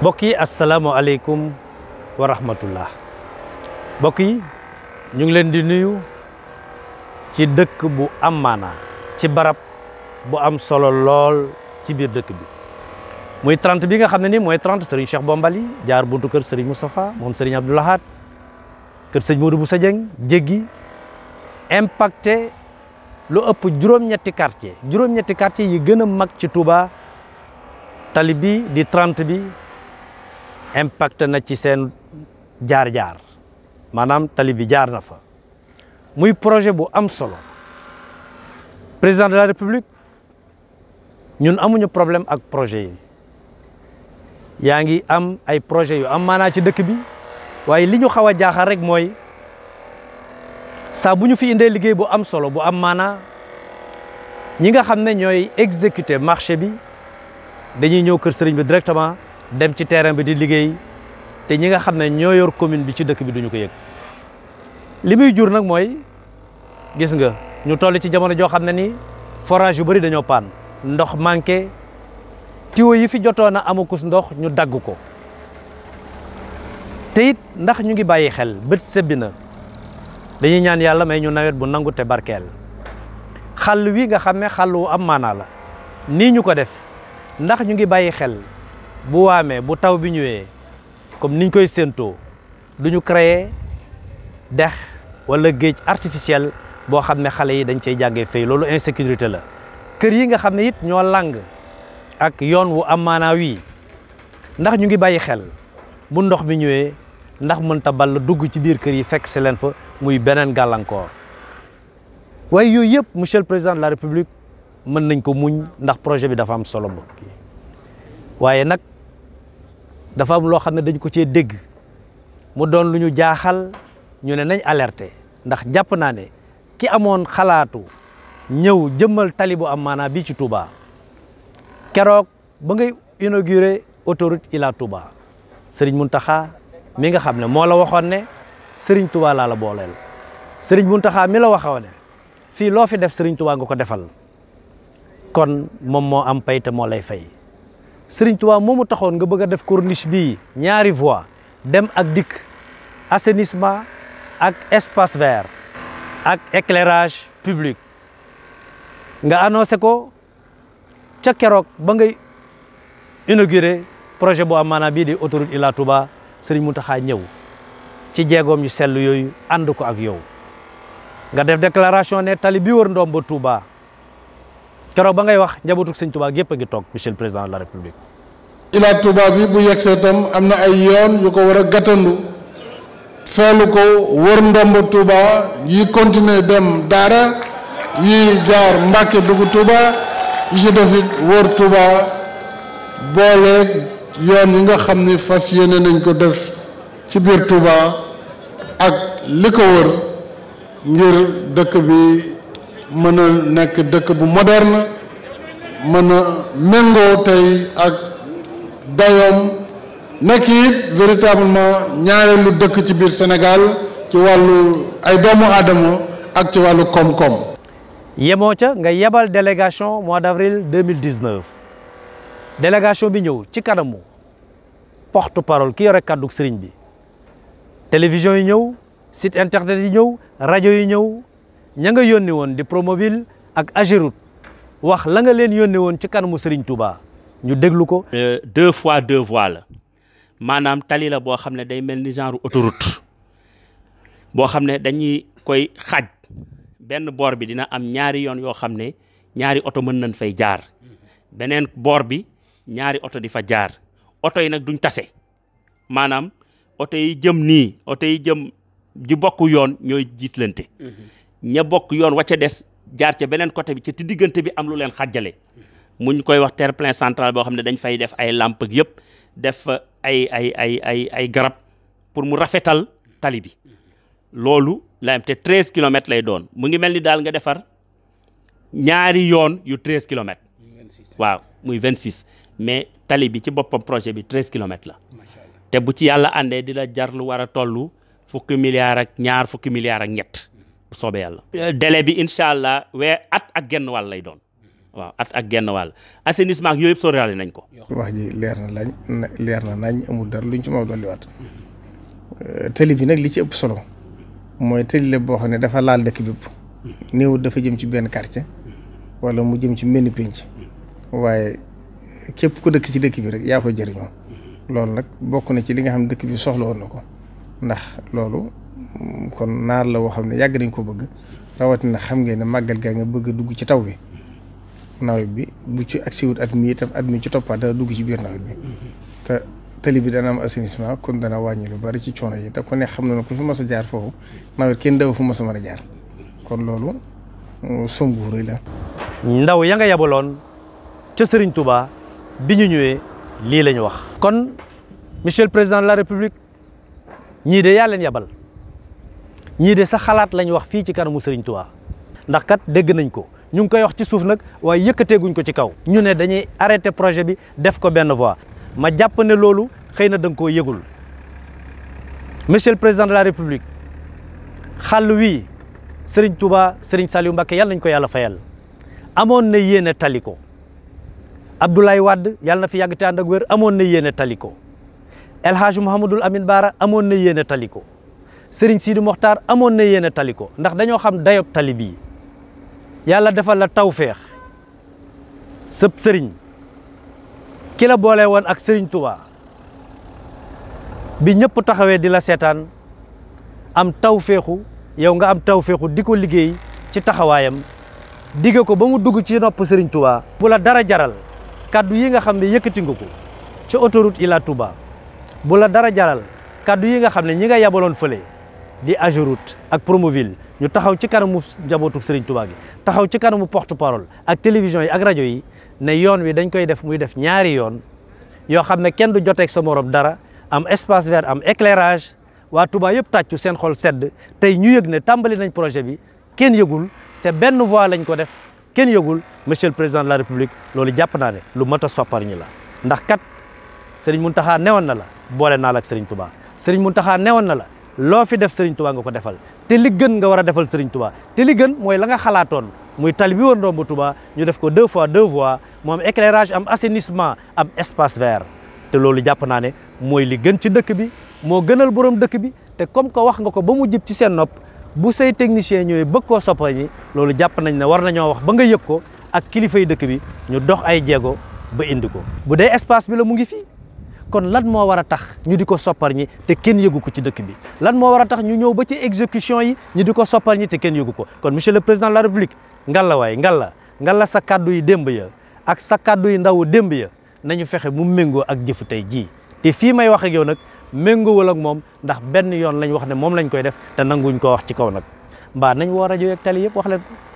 mbokk yi asalaamaaleykum wa rahmatullah mbokk yi ñu ngi leen di nuyu ci dëkk bu am maanaa ci barab bu am solo lool ci biir dëkk bi muy 30 bi nga xam ne ni mooy 30 Serigne Cheikh Bombali jaar buntu kër Serigne Moustapha moom Serigne Abdou Lahad kër Serigne Modou Boussa Dieng jéggi impacté lu ëpp juróom-ñetti quartier juróom-ñetti quartier yi gën a mag ci Touba tali bi di trent bi impacté na ci seen jaar-jaar maanaam tali bi jaar na fa muy projet bu am solo président de la république ñun amuñu problème ak projet yi yaa ngi am ay projet yu am maanaa ci dëkk bi waaye li ñu xaw a jaaxal rek mooy saa bu ñu fi indee liggéey bu am solo bu am maanaa ñi nga xam ne ñooy exécuter marché bi dañuy ñëw kër sëriñ bi directement dem ci terrain bi di liggéey te ñi nga xam ne ñoo yor commune bi ci dëkk bi duñu ko yëg li muy jur nag mooy gis nga ñu toll ci jamono joo xam ne ni forage yu bëri dañoo paan ndox manqué tuyau yi fi jotoon a amakus ndox ñu dagg ko te ndax ñu ngi bàyyi xel bët sebbi na dañuy ñaan yàlla may ñu nawet bu nangu te barkeel xàll wi nga xam ne xàll wu am maanaa la nii ñu ko def ndax ñu ngi bàyyi xel bu waamee bu taw bi ñëwee comme niñ koy séentoo du ñu créer dex wala géej artificiel boo xam ne xale yi dañ cey jàngee fay loolu insécurité la kër yi nga xam ne it ñoo làng ak yoon wu am maanaa wii ndax ñu ngi bàyyi xel bu ndox mi ñëwee ndax mënta ball dugg ci biir kër yi fekk si leen fa muy beneen gàllankoor waaye yooyu yëpp monsieur le président de la république mën nañ ko muñ ndax projet bi dafa am solo mbokk waaye nag dafa am loo xam ne dañ ko cee dégg mu doon lu ñu jaaxal ñu ne nañ alerte ndax jàpp naa ne ki amoon xalaatu ñëw jëmmal tali bu am maanaa bii ci Touba keroog ba ngay inauguré autoroute Ila sëriñ Serigne taxaa mi nga xam ne moo la waxoon ne sëriñ Touba laa la booleel Serigne taxaa mi la waxoon fii loo fi def Serigne Touba nga ko defal kon moom moo am pay moo lay fay. Serigne Touba mu taxoon nga bëgg def corniche bii ñaari voie dem ak dikk assainissement ak espace vert ak éclairage public nga annoncé ko ca keroog ba ngay inauguré projet bu am maanaam bii di autoroute Ila Touba mu Mountakha ñëw ci jeegoom yu sellu yooyu ànd ko ak yow nga def déclaration ne tali bi wër ndoom ba Touba keroog ba ngay wax njabootu sëñ Touba gépp a ngi toog monsieur le président de la république. ilaa Touba bi bu yegsee itam am na ay yoon yu ko war a gàttandu feelu ko wër ndomb Touba yi continuer dem Daara yi jaar Mbàkke dugg Touba yi ci desit wër Touba booleeg yoon yi nga xam ni fas yéene nañ ko def ci biir Touba ak li ko wër ngir dëkk bi. mën nekk dëkk bu moderne mëna a méngoo tey ak dayoom nekk it véritablement ñaareelu dëkk ci biir Sénégal ci wàllu ay doomu aadama ak ci wàllu koom-koom. yemoo ca nga yebal délégation mois d'avril 2019 délégation bi ñëw ci kanamu porte parole ki yore kàddu sëriñ bi télévision yi ñëw site internet yi ñëw rajo yi ñëw. ña nga yónni woon di Promoville ak Ageroute wax la nga leen yónni woon ci kanamu Serigne Touba ñu déglu ko. Euh, deux fois deux voies la maanaam tali la boo xam ne day mel ni genre autoroute boo xam ne dañuy koy xaaj benn boor bi dina am ñaari yoon yoo xam ne ñaari oto mën nañ fay jaar beneen boor bi ñaari oto di fa jaar oto yi nag duñ tase maanaam oto jëm nii oto jëm ju bokk yoon ñooy jiitlante. Mhm. ña bokk yoon wa ca des jaar ce beneen côté bi ci ti diggante bi am lu leen xàjjale mu ñu koy wax terre-plein central boo xam ne dañ fay def ay làmp ak yëpp def ay ay ay ay ay garab pour mu rafetal tali bi loolu la am te treize kilomètres lay doon mu ngi mel ni daal nga defar ñaari yoon yu treize kilomètres waaw muy vingt six mais tali bi ci boppam projet bi treize kilomètres la te bu ci yàlla àndee di la jar lu war a toll fukki milliards ak ñaar fukki milliare ak ñett soobee yàlla délai bi incha allah wee at ak genn wàll lay doon waaw at ak genn wàll assainissement yooyu yëpp sóoraale nañ ko. wax ji leer na lañ leer na nañ amul dara luñ ci mën a dolliwaat euh, tëli bi nag li ci ëpp solo mooy tëli la boo xam ne dafa laal dëkk bépp néewut dafa jëm ci benn quartier wala mu jëm ci menn pénc waaye képp ku dëkk ci dëkk bi rek yaa ko jëriñoo loolu nag bokk na ci li nga xam dëkk bi soxla woon na ko ndax loolu kon naar la woo xam ne yàgg nañ ko bëgg rawatina xam ngeen ne màggal gaa nga bëgg a dugg ci taw bi nawet bi bu ci ak siwut at mi itam at mi ci toppaat dana dugg ci biir nawet bi te tali bi dana am assainissement kon dana wàññi lu bari ci coono yi te ko ne xam na ne ku fi mas a jaar foofu nawet kenn daw fu mas a mën a jaar kon loolu euh, sombuur yi la. ndaw ya nga yabaloon ca sëriñ Touba bi ñu ñëwee lii la ñu wax. kon monsieur le président de la république ñii de yaa yabal. ñii de sa xalaat lañ wax fii ci kanamu sëriñ Touba ndax kat dégg nañ ko ñu ngi koy wax ci suuf nag waaye yëkkateeguñ ko ci kaw ñu ne dañuy arrêté projet bi def ko benn voie ma jàpp ne loolu xëy na da ko yëgul monsieur président de la république xàll wii Serigne Touba Serigne Saliou Mbacké yàlla nañ ko yàlla fayal amoon na yéene tali ko Abdoulaye Wade yàlla na fi yàgg te ànd ak wér amoon na yéene tali ko El Hadj Mouhamadul Amin Baara amoon na yéene tali ko sëriñ Sidi Mokhtar amoon na yéen a tali ko ndax dañoo xam dayob tali bii yàlla defal la tawféex sëb sëriñ kila boole woon ak sëriñ Touba bi ñëpp taxawee di la seetaan am tawfeexu yow nga am tawféexu di ko liggéey ci taxawaayam digge ko ba mu dugg ci nopp sëriñ Touba. bu la dara jaral kaddu yi nga xam ne yëkkati nga ko ci autoroute Ila Touba bu la dara jaral kaddu yi nga xam ne ñi nga yabaloon fële. di Ageroute ak Promoville ñu taxaw ci kanamu njabootu Serigne Touba gi taxaw ci kanamu porte parole ak télévision yi ak rajo yi ne yoon wi dañ koy def muy def ñaari yoon yoo xam ne kenn du joteeg sa morom dara am espace vert am éclairage waa tubaay yëpp tàccu seen xol sedd tey ñu yëg ne tàmbali nañ projet bi kenn yëgul te benn voie lañ ko def kenn yëgul monsieur le président de la république loolu jàpp naa ne lu mat a soppar ñi la ndax kat Serigne Mountakha newoon na la boole naa la ak Serigne Touba Serigne Mountakha newoon na la. loo fi def Serigne Touba nga ko defal te li gën nga war a defal Serigne Touba te li gën mooy la nga xalaatoon muy tali bi woon romb Touba ñu def ko deux fois deux voies mu am éclairage am assainissement am espace vert te loolu jàpp naa ne mooy li gën ci dëkk bi moo gënal borom dëkk bi te comme que wax nga ko ba mu jib ci seen nopp bu say technicien ñooy bëgg koo soppali loolu jàpp nañ ne war nañoo wax ba nga yëg ko ak kilifa dëkk bi ñu dox ay jéego ba indi ko bu dee mu ngi fi. kon lan moo war a tax ñu di ko soppar ñi te kenn yëgu ko ci dëkk bi lan moo war a tax ñu ñëw ba ci exécution yi ñu di ko soppar ñi te kenn yëgu ko kon monsieur le président de la république ngalla waay ngalla ngalla sa kaddu yi demb ya ak sa kàddu yi ndaw demb ya nañu fexe mu méngoo ak jëfu tey jii te fii may wax yow nag méngoowul ak moom ndax benn yoon lañ wax ne moom lañ koy def te nanguñ ko wax ci kaw nag mbaa nañ woo a yeeg tali yëpp wax leen